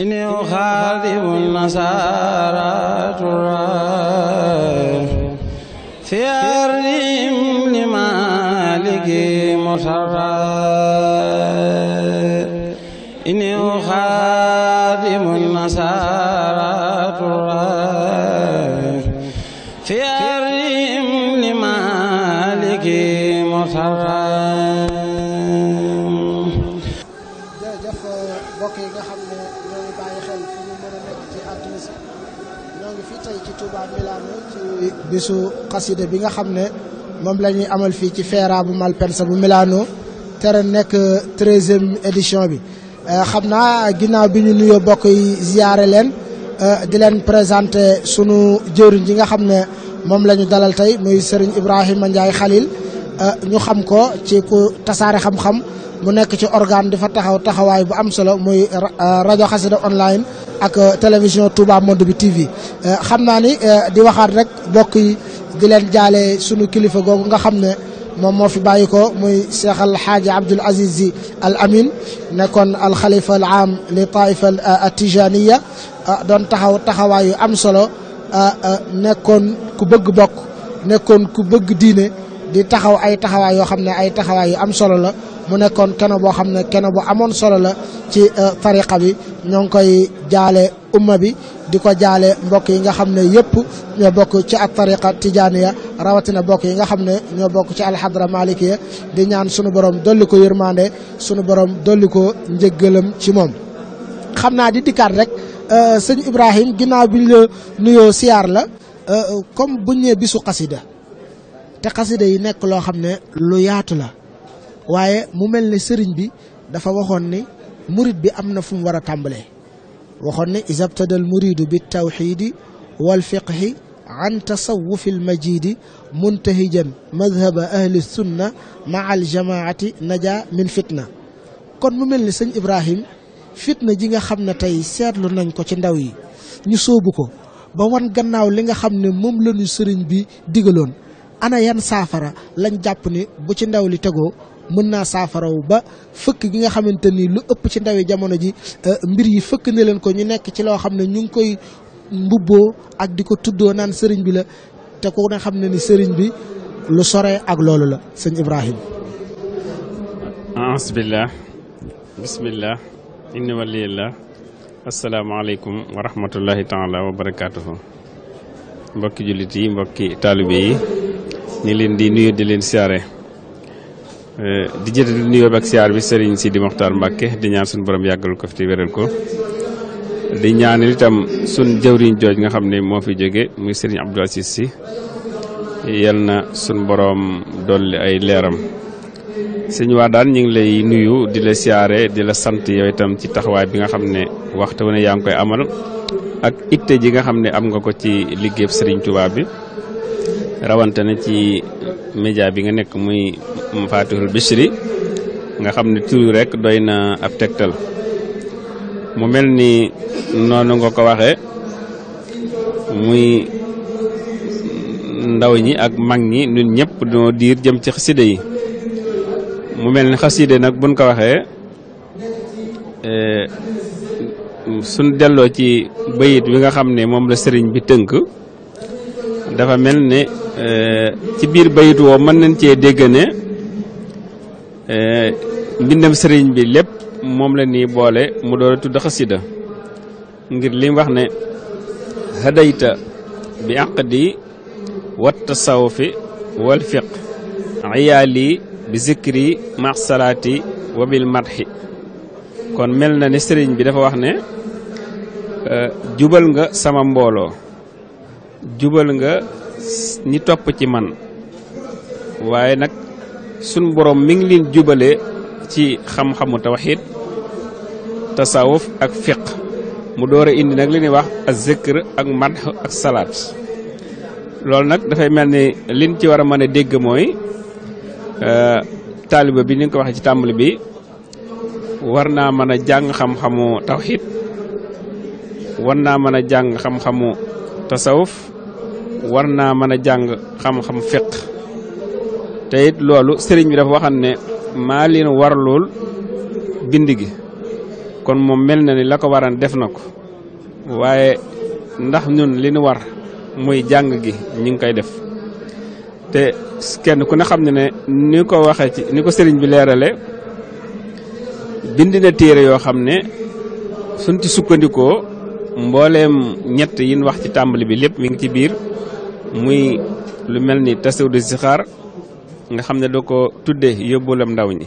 إني أخاذب النصارى ترى في أرضهم لمالك مصرى إني أخاذب النصارى Touba Milano ci bisu xasida bi nga xam ne moom la ñuy amal fii ci Feera bu Malpensa bu Milano te ren nekk treizième édition bi euh, xam naa ginnaaw bi ñu nuyoo bokk yi ziyaare leen euh, di leen présenté sunu jëriñ ji nga xam ne moom la ñu dalal tey muy Serigne Ibrahima Ndiaye Khalil euh, ñu xam ko ci ku tasaare xam-xam mu nekk ci organe dafa taxaw taxawaay bu am solo muy rajo xasida online ak télévision Touba Monde bi TV xamna ni di waxat rek bokk yi di len jalé sunu kilifa googu nga xamné mom mo fi bayiko muy Cheikh Al Hadj Abdoul Aziz Al Amin nakon al khalifa al am li taifa al tijaniya don taxaw taxawayu am solo nekkoon ku bëgg bokk nekkoon ku bëgg diine di taxaw ay taxawayo xamné ay taxawaay am solo la. mu nekkoon keno boo xam ne keno bu amoon solo la ci euh, tariqa bi ñoo ngi koy jaale umma bi di ko jaale mbokk yi nga xam ne yëpp ñoo bokk ci ak tariqa ya rawatina bokk yi nga xam ne ñoo bokk ci alxadra malikiya di ñaan sunu borom dolli ko yërmande sunu borom dolli ko njëggalam ci moom xam naa di dikkaat rek euh, sëñ Ibrahim ginnaaw bi la nuyoo siyaar la euh, comme buñ ñee bisu xasida te xasida yi nekk loo xam ne lu yaatu la waaye mu mel ni sëriñ bi dafa waxoon ni murid bi am na fu mu war a tàmbalee waxoon ne isabtadal muridu bi tawxiidi wal fiqhi an tasawufi almajidi muntahijan madhaba ahli sunna maa aljamaati naja min fitna kon mu mel ni sëñ Ibrahim fitna ji nga xam ne tey seetlu nañ ko ci ndaw yi ñu sóobu ko ba wan gannaaw li nga xam ne moom lañu sëriñ bi digaloon ana yan saafara lañ jàpp ni bu ci ndaw li tegoo mën naa saafarawu ba fëkk gi nga xamante ni lu ëpp ci ndawi jamono ji euh, mbir yi fëkk ne leen ko ñu nekk ci loo xam ne ñu ngi koy mbubboo ak di ko tuddoo naan sëriñ bi la te ku ne xam ne ni sëriñ bi lu sore ak loolu la sëñ Ibrahima. asbillah bismillah inni waliyillah asalaamaaleykum wa rahmatullahi taala wa barakaatuhu mbokki jullit yi mbokki taalibe yi ñu leen di nuyu di leen siyaare Eh, di jëte du nuyoo bi ak siyaar bi sëriñ Sidi Moxtaar Mbàkke di ñaan suñu borom yàggal ko fi te wéral ko di ñaanal itam suñ jëwriñ jooj nga xam ne moo fi jóge muy sëriñ Abdou Aziz Si yal na suñ boroom dolli ay leeram sëñ waa daan ñu ngi lay nuyu di la siyaare di la sant yow itam ci taxawaay bi nga xam ne waxtu wu ne yaa ngi koy amal ak itte ji nga xam ne am nga ko ci liggéeyub sëriñ tubaab bi rawante na ci média bi nga nekk muy Mafatihul Bichri nga xam ne tur rek doy na ab tegtal mu mel ni noonu nga ko waxee muy ndaw ñi ak mag ñi ñun ñëpp doo diir jëm ci xaside yi mu mel ni xaside nag buñ ko waxee suñ delloo ci bayit bi nga xam ne moom la sëriñ bi tënk dafa mel ne Eh, ci biir bayit woo mën nañ cee dégg ne eh, mbindam sëriñ bi lépp moom la nii boole mu doon a tudd xasida ngir li wax ne hadayta bi aqdi wattasawfi walfiq iyaali bi zikri maasalaati wa bilmadxi kon mel na ne sëriñ bi dafa wax ne eh, jubal nga sama mbooloo jubal nga ñi topp ci man waaye nag sunu boroom mi ngi leen jubale ci xam-xamu tawxiid tasawuf ak fiq mu door a indi nag li ñuy wax ak zikr ak madh ak salaat loolu nag dafay mel ni liñ ci war a mën a dégg mooy euh, taaliba bi ni nga ko waxee ci tàmbali bi war naa mën a jàng xam-xamu tawxiid war naa mën a jàng xam-xamu tasawuf war naa mën a jàng xam-xam fiq te loolu sëriñ bi dafa waxan ne maa leen warlool bind gi kon moom mel na ni la ko waran def na ko waaye ndax ñun li ñu war muy jàng gi ñu ngi koy def te kenn ku ne xam ne ne ni ko waxe ci ni ko sëriñ bi leerale bind na téere yoo xam ne suñ ci sukkandikoo mbooleem ñett yin wax ci tàmbali bi lépp mi ngi ci biir muy lu melni ni de zikhar nga xamne doko da ko tuddee yóbbulam ndaw ñi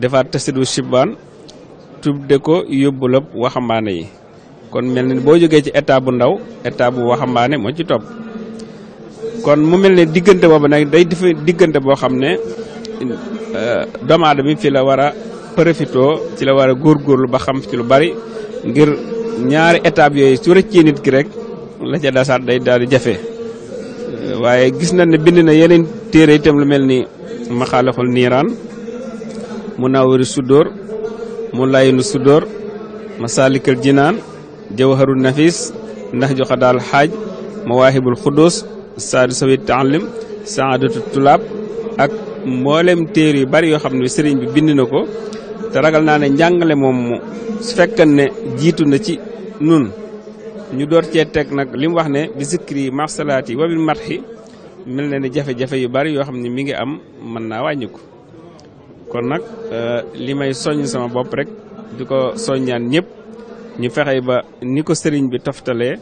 defaat tasidu shibaan tuddé ko yobulop waxambaane yi kon melni ni joggé ci état bu ndaw état bu waxambaane mo ci top kon mu melni digënté bobu nak day def digënté bo xamne euh doomu aadama bi fi la wara profito ci la gor gor lu ba xam ci lu bari ngir ñaari étape yooyu su ci nit ki rek la ca day daal jafé waaye gis na ne bind na yeneen téere itam lu mel nii maxaalixul niiraan mu naawari sudóor mu layinu sudóor masaalikal jinaan jawharu nafis ndax joxa daal xaaj mawaahibul xudus saadu sawi taalim saadatu tulaab ak mboolem téere yu bari yoo xam ne sëriñ bi bind na ko te ragal naa ne njàngale moom mu su ne jiitu na ci nun ñu door cee teg nag li mu wax ne bi zikri masalaat yi wabil matxi mel na ne jafe-jafe yu bari yoo xam ne mi ngi am man naa wàññi kon nag euh, li may soññ sama bopp rek di ko soññaan ñëpp ñu fexe ba ni ko sëriñ bi toftalee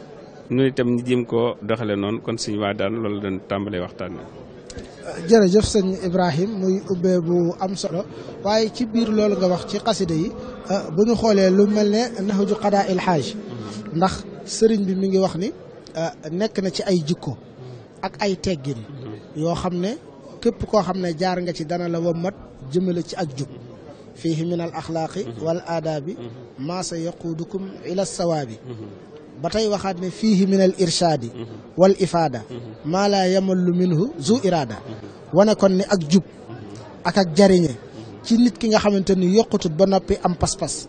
ñu itam ñu jéem koo doxale noon kon suñu waa daan loolu doon tàmbalee waxtaan jërëjëf sëñ Ibrahim muy ubbee bu am solo waaye ci biir loolu nga wax ci xasida yi euh, bu ñu xoolee lu mel ne naxaju xadaa ilxaaj ndax sëriñ bi mu ngi wax ni ah, nekk na ci ay jikko ak ay teggin yoo xam ne képp koo xam ne jaar nga ci dana la wommat jëmale ci ak jub fiihi min al axlaaqi wal aadaabi maa sa yaquudukum ila sawaabi ba tey waxaat ne fiihi min al wal ifaada maa laa lu minhu zu iraada wane kon ni ak jub ak ak jariñe ci nit ki nga xamante ni yokkutut ba noppi am pas-pas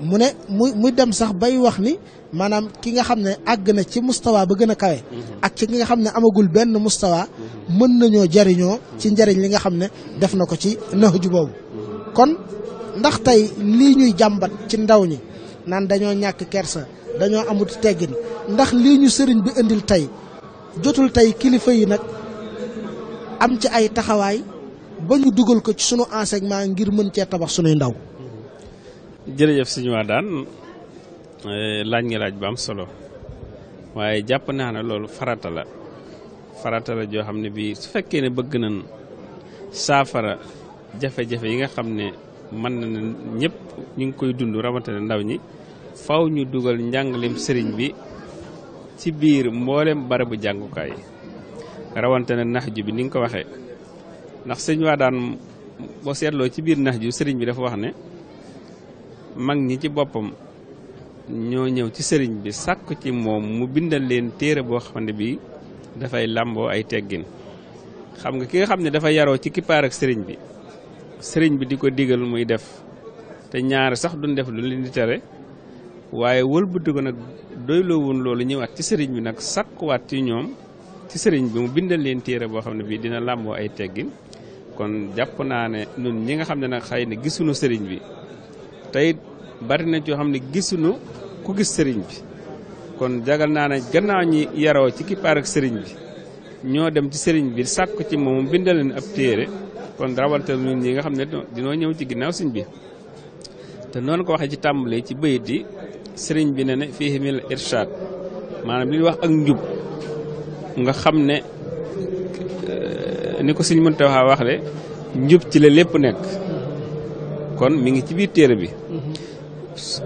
mu ne muy muy dem sax bay wax ni maanaam ki nga xam ne àgg na ci mustawa ba gën a kawe mhm. ak ci ki nga xam ne amagul benn mustawa mhm. mën nañoo jariñoo ci njariñ li nga xam ne def na ko ci naxju boobu mhm. kon ndax tey lii ñuy jàmbat ci ndaw ñi naan dañoo ñàkk kersa dañoo amut teggin ndax lii ñu sëriñ bi indil tey jotul tey kilifa yi nag am ci ay taxawaay ba ñu dugal ko ci sunu enseignement ngir mën cee tabax sunuy ndaw jërëjëf suñu waa daan eh, laaj ngi laaj solo waaye jàpp naa ne loolu farata la farata la joo xam ne bii su fekkee ne bëgg nañ saafara jafe-jafe yi nga xam ne mën na ne ñëpp ñu ngi koy dund rawatina ndaw ñi faw ñu dugal njàngalem sëriñ bi ci biir mboolem barabu jàngukaay rawatina nax ju bi ni nga ko waxee ndax sëñ waa daan boo seetloo ci biir bi dafa wax ne mag ñi ci boppam ñoo ñëw ci sëriñ bi sàkk ci moom mu bindal leen téere boo xam ne bii dafay làmboo ay teggin xam nga ki nga xam ne dafa yaroo ci kippaar ak sëriñ bi sëriñ bi di ko digal muy def te ñaari sax duñ def lu leen di tere waaye wëlbati ko nag doyloo woon loolu wat ci sëriñ bi nag sàkkuwaat ci ñoom ci sëriñ bi mu bindal leen téere boo xam ne bii dina làmboo ay teggin kon jàpp naa ne ñun ñi nga xam ne nag xay na gisuñu sëriñ bi tey bari na yoo xam ne gisuñu ku gis sëriñ bi kon jagal naa ne gannaaw ñi yaroo ci kippaar ak sëriñ bi ñoo dem ci sëriñ bi sàkk ci moom bindal leen ab téere kon rawatina ñun ñi nga xam ne dinoo ñëw ci ginnaaw sëriñ bi te noonu ko waxee ci tàmbali ci bayit yi sëriñ bi ne ne fii mil irshad maanaam li ñu wax ak njub nga xam ne ni ko sëriñ wax waxle njub ci la lépp nekk kon mu ngi ci biir téere bi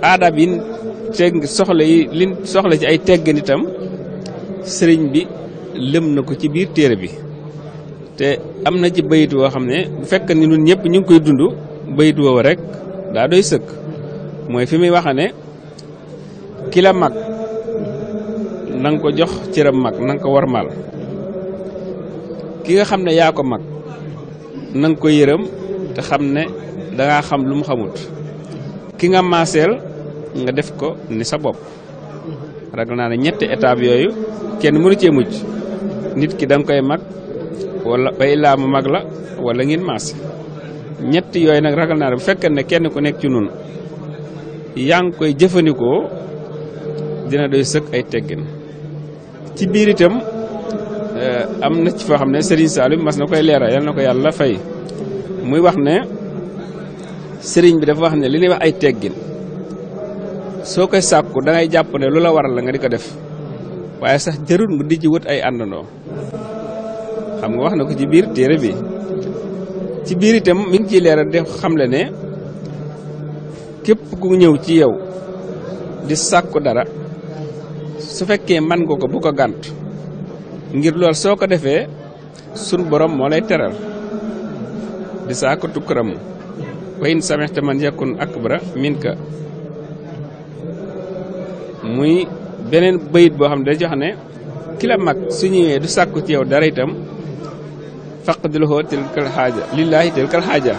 aadab bi teg soxla yi liñ soxla ci ay teggin sëriñ bi lëm na ko ci biir téere bi te am na ci bayit woo xam ne bu fekk ni ñun ñëpp ñu ngi koy dund bayit woowu rek daa doy sëkk mooy fi muy waxa ne ki la mag na ko jox cëram mag na nga ko mal ki nga xam ne yaa ko mag na ko yërëm te xam ne dangaa xam lu mu xamut ki nga maaseel nga def ko ni sa bopp ragal naa ne ñetti étape yooyu kenn mënu cee mujj nit ki danga koy mag wala bay laa mu mag la wala ngeen maase ñetti yooyu nag ragal naa ne bu fekkee ne kenn ku nekk ci nun yaa ngi koy jëfandikoo dina doy sëkk ay teggin ci biir itam eh, am na ci foo xam ne Serigne Saliou mas na koy leeral yal na ko yàlla fay muy wax ne. sering bi dafa wax ne li ni wax ay teggine soko sakku da ngay japp ne lula waral nga diko def waye sax jeerul mu di wut ay andano xam nga wax na ci bir tere bi ci bir itam mi ngi ci def ne kep ku ñew ci yow di sakku dara su fekke man nga ko bu ko gant ngir lool soko defé sun borom mo lay teral di sakku tukkaramu wa in samexta man yakun akbara minka muy beneen bayit boo xam ne da jox ne ki mag su ñëwee du sàkku ci yow dara itam ko tilkal xaaja lillaahi tilkal xaaja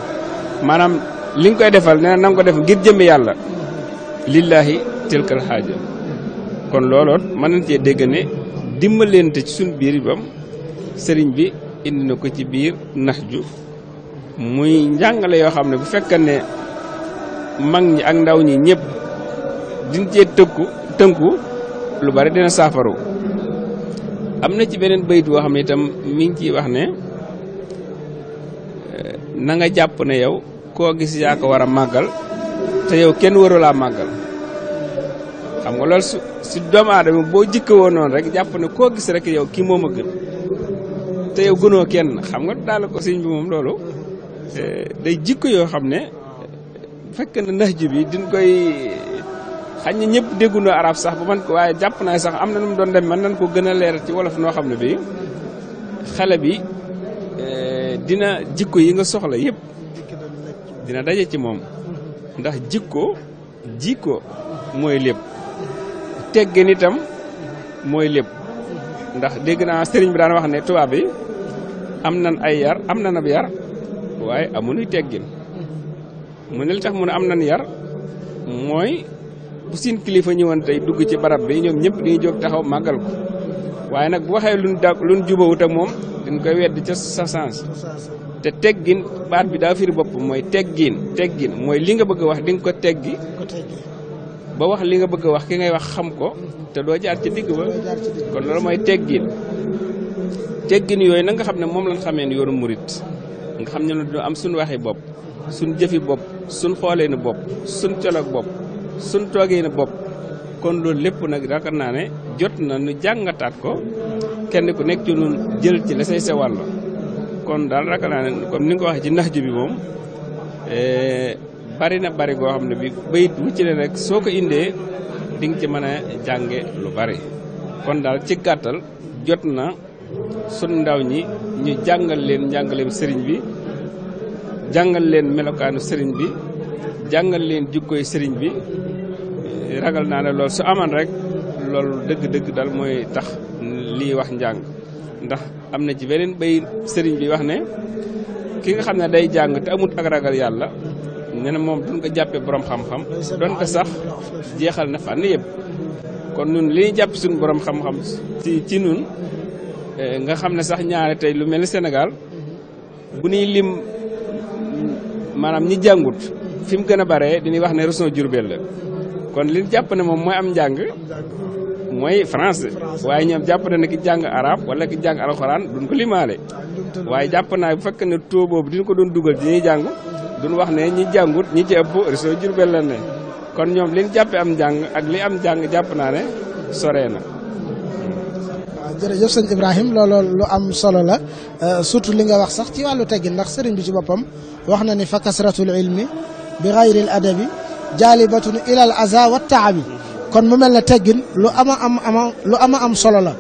maanaam li nga koy defal nee na nga ko def ngir jëmbe yàlla lillaahi tilkal xaaja kon looloot mën nañ cee dégg ne dimbalante ci suñ biir bam sëriñ bi indi na ko ci biir nax ju muy njàngale yoo xam ne bu fekkee ne mag ñi ak ndaw ñi ñëpp diñ cee tënku tënku lu bari dina saafaru am na ci beneen bayit boo xam ne itam mi ngi ciy wax ne eh, nanga nga jàpp ne yow koo gis yaa war a màggal te yow kenn warulaa màggal xam nga lool su si doomu aadama boo jikko woon noonu rek jàpp ne koo gis rek yow kii moom a gën te yow gënoo kenn xam nga daal ko sëñ bi moom loolu Euh, day jikko yoo xam ne bu fekkee ne nax ji bi dina koy xañ na ñëpp déggundoo arab sax ba man ko waaye jàpp naa sax am na nu mu doon dem man nañ koo gën a leer ci wolof noo xam ne bi xale bi euh, dina jikko yi nga soxla yëpp dina daje ci moom ndax jikko jikko mooy lépp teggin itam mooy lépp ndax dégg naa sëriñ bi daan wax ne tubaab bi am nan ay yar am nan ab yar waaye amuñu teggin mu ne li tax mu ne am nan yar mooy bu seen kilifa ñëwoon tey dugg ci barab bi ñoom ñëpp dañuy jóg taxaw màggal ko waaye nag bu waxee luñ da luñ moom dañ koy wedd ca sa sens te teggin baat bi daa firi bopp mooy teggiin teggin mooy li nga bëgg a wax di nga ko teggi ba wax li nga bëgg a wax ki ngay wax xam ko te doo jaar ci digg ba kon loolu mooy teggin teggin yooyu na nga xam ne moom lañ xamee ni yoonu murit nga xam ne du am suñ waxi bopp suñ jëfi bopp suñ xoolee ni bopp suñ colog bopp suñ toogee ni bopp kon loolu lépp nag yaakaar naa ne jot na nu jàngataat ko kenn ku nekk ci nun jël ci la say sa wàll kon daal yaakaar naa ne comme ni nga ko waxee ci nax ju bi moom e, bari na bari goo xam ne bi bayit wu ci ne rek soo ko indee di nga ci mën a jànge lu bari kon daal ci gàttal jot na sunu ndaw ñi ñu jàngal leen njàngaleem sëriñ bi jàngal leen melokaanu sëriñ bi jàngal leen jikkoy sëriñ bi ragal naa ne lool su aman rek loolu dëgg-dëgg dal mooy tax lii wax njàng ndax am na ci beneen bay sëriñ bi wax ne ki nga xam ne day jàng te amut ak ragal yàlla nee na moom duñ ko jàppee borom xam-xam doon sax jeexal na fànn yëpp kon nun li jàpp suñ boroom xam-xam ci ci nun Eh, nga xam ne sax ñaare tey lu mel ni Sénégal bu ñuy lim maanaam ñi jàngut fi mu gën a baree dañuy wax ne région Diourbel la kon li jàpp ne moom mooy am njàng mooy France waaye ñoom jàpp na ne ki jàng arab wala ki jàng alxuraan duñ ko limaale waaye jàpp naa bu fekk ne taux boobu ko doon dugal diñuy jàng duñ wax ne ñi jàngut ñi ci ëpp région la ne kon ñoom liñ jàppe am njàng ak li am njàng jàpp naa ne soree jërëjëf sëñ Ibrahim looloo lu am solo la euh, surtout li nga wax sax ci wàllu teggin ndax sëriñ bi ci boppam wax na ni fa kasratul ilmi bi xayril adabi jaalibatun ilal aza wa taabi kon mu mel ne teggin lu ama am ama lu ama am solo la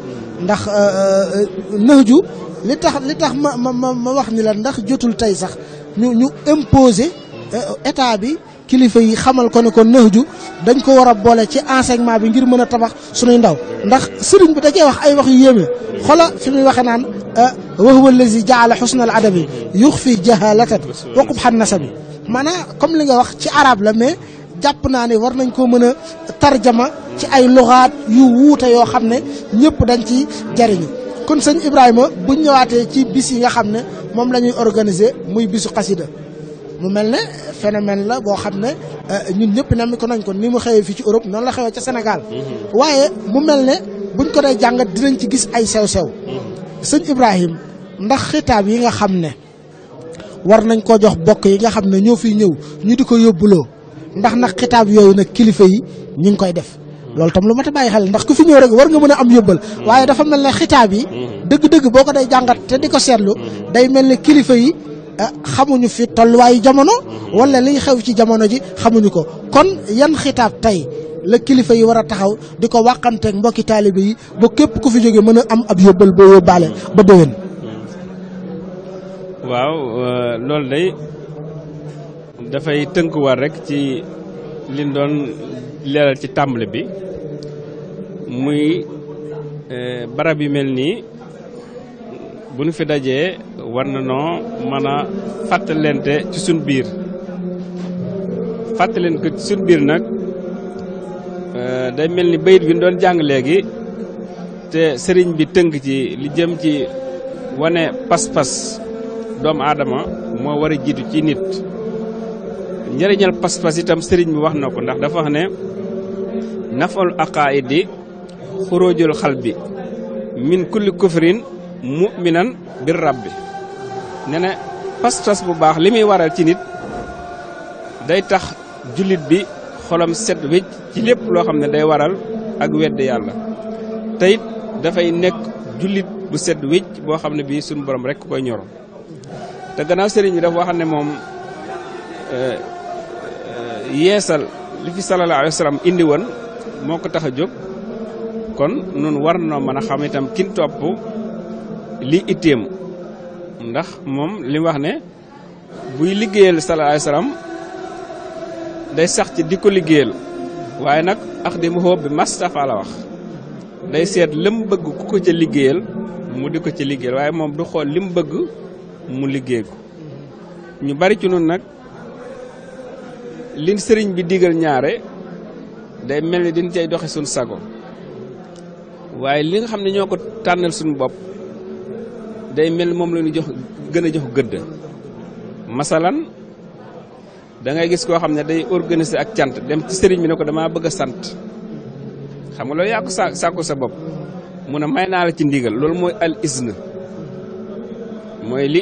ndax euh, euh, nëxju li tax li tax ma ma ma wax ni la ndax jotul tey sax ñu ñu imposer état bi kilifa yi xamal ko ne ko nëxju dañ ko war a boole ci enseignement bi ngir mën a tabax suñuy ndaw ndax sëriñ bi da cee wax ay wax yu yéeme xola fi muy waxee naan wa huwa allazi jaala xusna al adabi yuxfi jahalatan wa qubhan nasabi maanaam comme li nga wax ci arab la mais jàpp naa ne war nañ koo mën a tarjama ci ay luxaat yu wuute yoo xam ne ñëpp dañ ci jariñu kon sëñ Ibrahima bu ñëwaatee ci bis yi nga xam ne moom la ñuy organiser muy bisu xasida mu mel ne phénomène la boo xam ne euh, ñun ñëpp nam nañ ko ni mu xewee fii ci Europe noonu la xewee ca senegal mm-hmm. waaye mu mel ne buñ ko dee jàngat dinañ ci gis ay sew-sew mm-hmm. sëñ Ibrahim ndax xitaab yi nga xam ne war nañ koo jox bokk yi nga xam ne ñëw fiy ñëw ñu di ko yóbbuloo ndax ndax xitaab yooyu nag kilifa yi ñu ngi koy def loolu tam lu mat a bàyyi xel ndax ku fi ñëw rek war nga mën a am yóbbal mm-hmm. waaye dafa mel ne xitaab yi dëgg-dëgg boo ko dee jàngat te di ko seetlu day mel ne kilifa yi Eh, xamuñu fi tolluwaayu jamono wala liy xew ci jamono ji xamuñu ko kon yan xitaab tey la kilifa yi war a taxaw di ko wàqanteeg mbokki taalibe yi ba képp ku fi jóge mën a am ab yóbbal boo yóbbaale ba déwén waaw euh, loolu day dafay tënkuwaat rek ci li doon leeral ci tàmbali bi muy euh, barab yu mel nii bu ñu fi dajee war na noo mën a fàttalente ci suñ biir fàttaleen ko ci suñ biir nag euh, day mel ni bayit bi ñu doon jàng léegi te sëriñ bi tënk ci li jëm ci wane paspas doomu aadama moo war a jiitu ci nit njëriñal pas-pas itam sëriñ bi wax na ko ndax dafa wax ne nafal aqaidi xurujul xal bi min kulli kufrin muminan bir rabbi ne ne pas-pas bu baax limi waral ci nit day tax julit bi xolam set wecc ci lepp lo xamne ne day waral ak wedd yalla tayit da fay nek julit bu set wecc bo xamne ne sun borom rek koy ñor te gannaaw serigne bi dafa wax ne moom eh, eh, yeesal li fi sallallahu alayhi wasallam indi won moko taxajuk kon nun war mana xam itam kin topp lii itteem ndax moom li wax ne buy liggéeyal sallallahu alayhi day sax ci di ko liggéeyal waaye nag ax di mu bi mastafa la wax day seet lim bëgg ku ko ca liggéeyal mu di ko ca liggéeyal waaye moom du xool mu bëgg mu liggéey ko ñu bari ci noonu nag liñ sëriñ bi digal ñaare day mel ni diñ cay doxe suñ sago waaye li nga xam ne ñoo ko tànnal sunu bopp day mel mom lañu jox gëna jox gëdd masalan da ngay gis ko xamne day organiser ak tiant dem ci serigne mi ne ko dama bëgg sante xam nga ko sa bop mu ne may la ci ndigal lool moy al izn moy li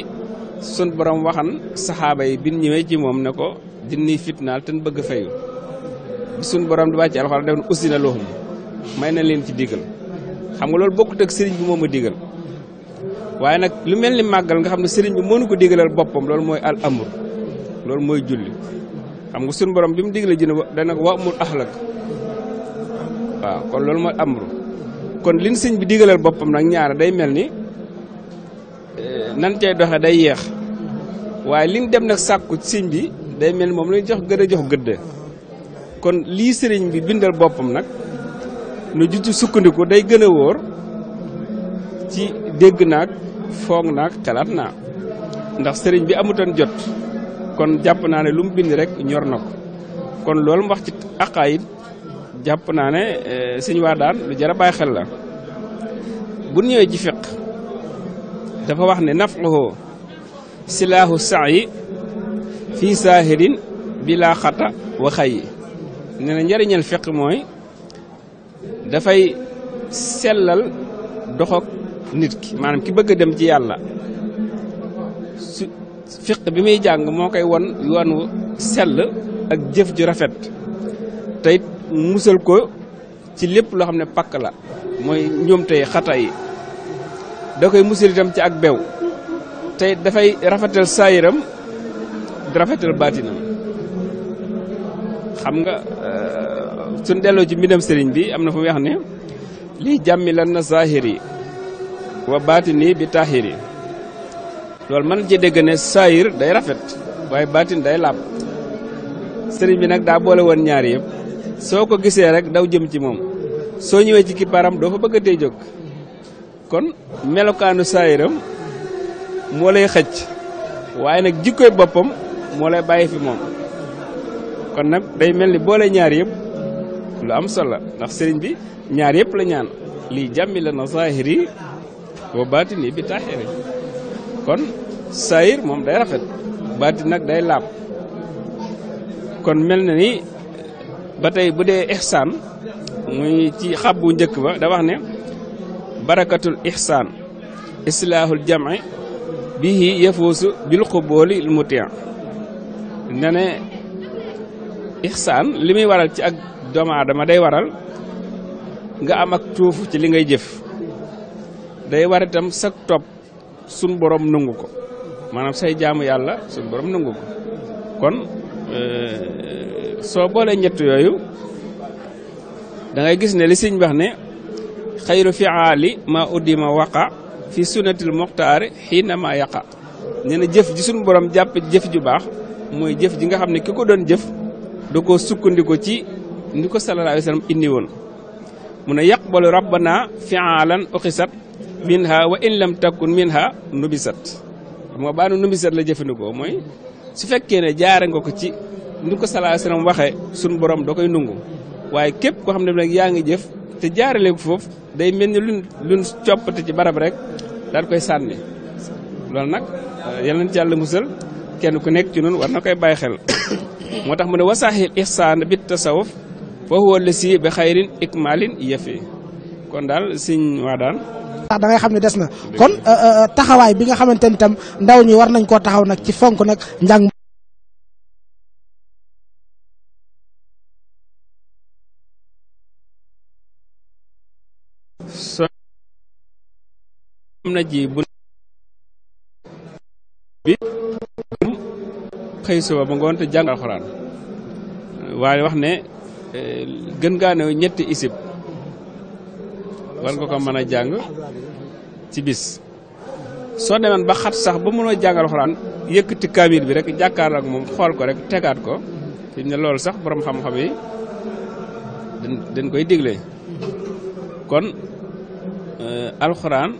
sun borom waxan sahaba yi bin ñëwee ci mom ne ko dinni fitnal ten bëgg fayu sun borom du wacc alxol def usina lohum may na leen ci digal xam nga lool bokku ak serigne bi moma digal waye nak lu melni magal nga xamne serigne bi mënu ko digalal bopam loolu mooy al amur lol moy julli xam nga sun borom bimu mu jina da nak wa amul axlak wa kon lol moy amru kon liñ serigne bi diggalal bopam nak ñaara day mel ni eh, nan tay doxé day yeex waye liñ dem nak sakku serigne bi day mel mom moom lañ jox gëdë jox gëdë kon li serigne bi bindal bopam nak nu ju sukkandiko day gëna wor ci dégg nak foog naa xalaat naa ndax sëriñ bi amutoon jot kon jàpp naa ne lu bind rek ñor na kon loolu mu wax ci aqaayid jàpp naa ne eh, sëñ waa daan lu jar a bàyyi xel la bu ñëwee ci fiq dafa wax ne nafahu silaahu saayi fii saahirin bilaa xata wa xayyi nee na njëriñal fiq mooy dafay sellal doxok nit ki maanaam ki bëgg a dem ci yàlla su bi muy jàng moo koy won yoonu sell ak jëf ju rafet tey musal ko ci lépp loo xam ne pakk la mooy ñoom tey xata yi da koy musal ci ak bew tey dafay rafetal saayiram di rafetal baatinam xam nga euh, suñ delloo ci mbindam sëriñ bi am na fu mu wax ne lii jàmmi lan na saahir yi wa baatini bi taahiri loolu man ci dégg ne day rafet waaye baatin day laab sëriñ bi nag daa boole woon ñaar yëpp soo ko gisee rek daw jëm ci moom soo ñëwee ci kippaaram doo fa bëgg a tey jóg kon melokaanu saayiram moo lay xëcc waaye nag jikkoy boppam moo lay bàyyi fi moom kon nag day mel ni boole ñaar yëpp lu am solo ndax sëriñ bi ñaar yëpp la ñaan lii jàmmi la na saahiri wo baatin ni bi kon sair mom day rafet batin nak day lap kon mel ni bude budé ihsan muy ci xabu ñëk ba da wax né barakatul ihsan. Islahul jam'i bihi yafusu bil qubuli al Nane ne ihsan limi waral ci ak doom aadama day waral nga am ak tuufu ci li ngay jëf day war itam sak top sun borom nungu ko manam say jaamu yalla sun borom nungu ko kon eh, so bolé ñett yoyu da ngay gis ne li señ wax ne khayru fi'ali ma udima waqa fi sunnatil muqtar hina ma yaqa nee na jëf ji sun borom japp jëf ju bax moy jëf ji nga xam kiko ki doon jëf do ko sukkandiko ci niko sallallahu alaihi wasallam indi yaqbalu rabbana fi'alan uqisat minha wa in lam takun minha nubisat xam nga baanu nubisat la jëfandikoo mooy su fekkee ne jaare nga ko ci ni ko salaa salaam waxee sunu borom doo koy nungu waaye képp koo xam ne nag yaa ngi jëf te jaarale ko foofu day mel ni luñ luñ coppate ci barab rek daal koy sànni loolu nag euh, yal nañ ci yàlla musal kenn ku nekk ci noonu war na koy bàyyi xel moo tax mu ne wasaaxil ihsaan bit tasawuf fa huwa la si bi xayrin ikmalin yëfe kon daal siñ waa daan da ngay xam ne des na kon euh, euh, euh, taxawaay bi nga xamante ni tam ndaw ñi war nañ koo taxaw nag ci fonk nag njàng am ji bu bi xëy suba ba ngoon te jàng alxuraan waaye wax ne gën gaa ñetti isib war nga ko mën a jàng ci bis soo demeen ba xat sax ba mënoo jàngal xoraan ti kaamiir bi rek jàkkaar ak moom xool ko rek tegaat ko fi ne lool sax borom xam-xam yi dañ koy digle kon euh, alxuraan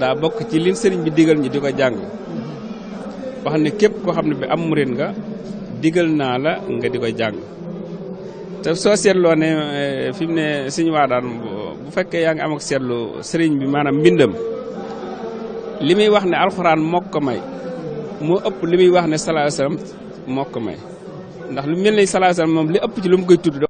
daa bokk ci li sëriñ bi digal ñi di ko jàng wax ne képp koo xam ne bi am murit nga digal naa la nga di ko jàng te soo seetloo ne euh, fi ne suñu waa daan bu fekkee yaa ngi am ak seetlu sëriñ bi maanaam mbindam li muy wax ne alxuraan moo ko may moo ëpp li muy wax ne salallaahu alayhi moo ko may ndax lu mel ni salallaahu moom li ëpp ci lu mu koy tudd.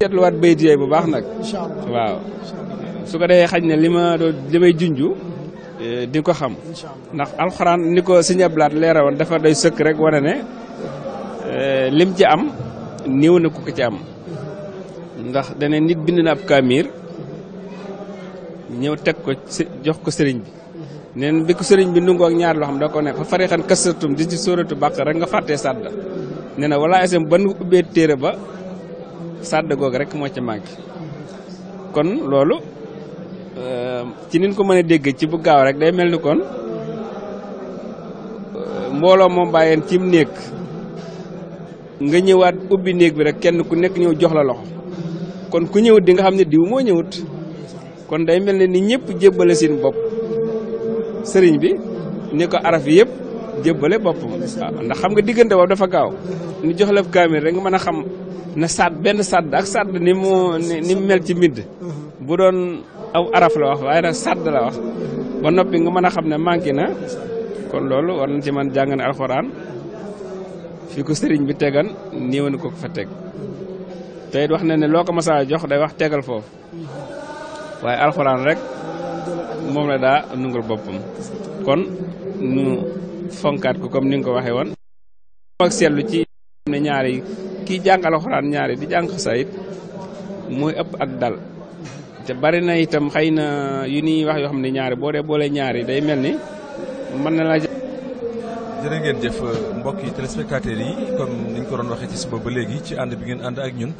seetluwaat bayit bu baax nag. waaw su ko defee xaj na li ma li may junju Eh, di ko xam ndax alxuraan ni ko sëñ Ablaat woon dafa day sëkk rek wane ne eh, lim ci am néew na ku ko ci am ndax dane nit bind na ab kaamir ñëw teg ko jox ko sëriñ bi neen bi ko sëriñ bi nungoo ak ñaar loo xam da ko ne fa farixan kasatum di ci sóoratu bàq rek nga fàttee sàdda nee na wala esem ban ubbee téere ba sàdd googu rek moo ci màgg kon loolu Euh, ci nin ko mën a dégg ci bu gaaw rek day mel ni kon euh, mbooloo moom bàyyeen cim néeg nga ñëwaat ubbi néeg bi rek kenn ku nekk ñëw jox la loxo kon ku ñëwut di nga diw ñëwut kon day ne ni ñëpp jébbale seen bop sëriñ bi ni ko araf yëpp jébbale boppam waaw ah, ndax xam nga diggante boobu dafa gaaw ñu jox la kaamil rek nga mën xam na sàdd ak ni ni mel ci mm-hmm. bu doon aw araf la wax waye na sad la wax ba nopi nga mën xamne manki na kon lolu war na ci man jangane alcorane fi ko serigne bi tegan ko fa teg wax na ne loko massa jox day wax tegal waye alcorane rek mom la da nungul kon nu fonkat ko comme ni nga ko waxee woon ak selu ci ne ñaari ki jang alcorane ñaari di jang moy ep ak dal te bari na itam xëy na yu ni wax yoo xam ne ñaari boo dee boole ñaari day mel ni mën na laa. jërë ngeen jëf mbokk yi téléspectateurs yi comme ni ñu ko doon waxee ci suba ba léegi ci ànd bi ngeen ànd ak ñun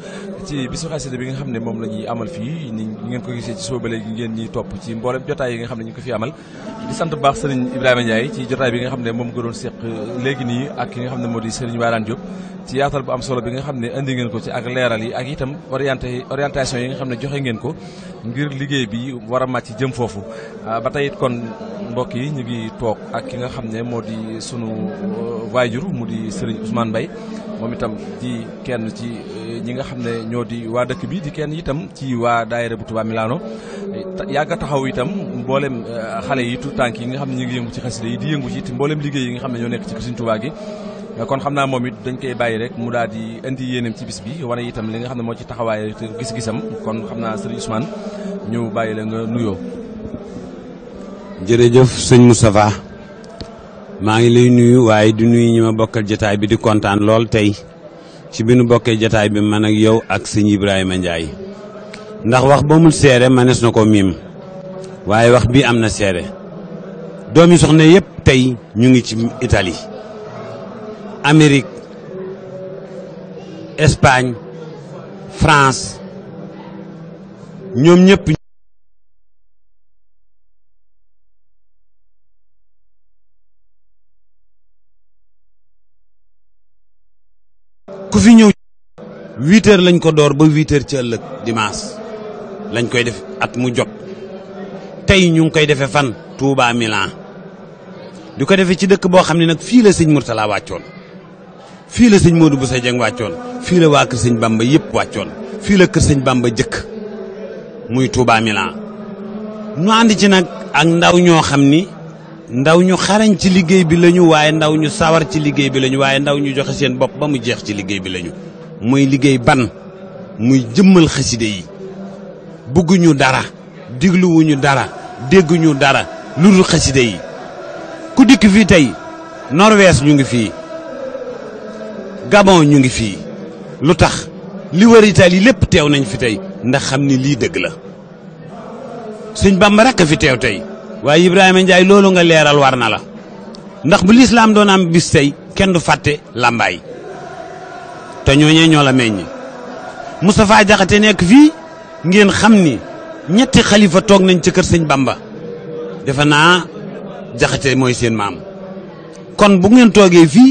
ci bisu xasida bi nga xam ne moom la ñuy amal fii ni ngeen ko gisee ci suba ba léegi ngeen ñuy topp ci mboolem jotaay yi nga xam ne ñu ko fi amal. di sant baax sëriñ Ibrahima ci jotaay bi nga xam ne moom ko doon seq léegi nii ak ki nga xam ne moo di sëriñ Warane Diop. ci yaatal bu am solo bi nga xam ne indi ngeen ko ci ak leeral yi ak itam orienté orientation yi nga xam ne joxe ngeen ko ngir liggéey bi war a màcc jëm foofu ah, ba tey kon mbokk yi ñu ngi toog ak ki nga xam ne moo di sunu euh, waajur mu di Serigne Ousmane moom itam kenn ci euh, ñi nga xam ne ñoo di waa dëkk bi di kenn itam ci waa daayira bu Touba Milano yàgg taxaw itam mboolem euh, xale yi tout tànk yi nga xam ne ñu ngi yëngu ci xasida yi di yëngu ci it mboolem liggéey yi nga xam ne ñoo nekk ci Serigne Touba gi kon xam naa moom it dañ koy bàyyi rek mu daal di indi yéenam ci bis bi wane itam li nga xam ne moo ci taxawaay gis-gisam kon xam naa sëriñ Ousmane ñu bàyyi la nga nuyoo. jërëjëf sëñ Moustapha maa ngi lay nuyu waaye di nuyu ñi ma bokkal jataay bi di kontaan lool tey ci bi nu bokkee jataay bi man ak yow ak sëñ Ibrahima Ndiaye ndax wax ba mu seere manees na ko miim waaye wax bii am na seere doomi soxna yëpp tey ñu ngi ci Italie. Amérique Espagne France ñoom ñëpp ku fi ñëw huit lañ ko door ba huit heures ci ëllëg dimanche lañ koy def at mu jot tey ñu ngi koy defee fan Touba Milan di ko defee ci dëkk boo xam ne nag fii la sëñ Mourtala wàccoon fii la sëñ bu Bousso Dieng wàccoon fii la waa kër sëñ Bamba yëpp wàccoon fii la kër sëñ Bamba jëkk muy Touba Milan ñu ànd ci nag ak ndaw ñoo xam ni ndaw ñu xarañ ci liggéey bi lañu waaye ndaw ñu sawar ci liggéey bi lañu waaye ndaw ñu joxe seen bopp ba mu jeex ci liggéey bi lañu muy liggéey ban muy jëmmal xaside yi bëgguñu dara digluwuñu dara dégguñu dara lu dul xaside yi ku dikk fii tey Norwees ñu ngi fii Gabon ñu ngi fii lu tax li wër yi lépp teew nañ fi tey ndax xam ni lii dëgg la sëñ Bàmba rekk fi teew tey waaye Ibrahima Ndiaye loolu nga leeral war na la ndax bu lislaam doon am bis tey kenn du fàtte làmbaay te ñooñee ñoo la meññ Moustapha Jaxate nekk fii ngeen xam ni ñetti xalifa toog nañ ci kër sëñ Bàmba defe naa Jaxate mooy seen maam kon bu ngeen toogee fii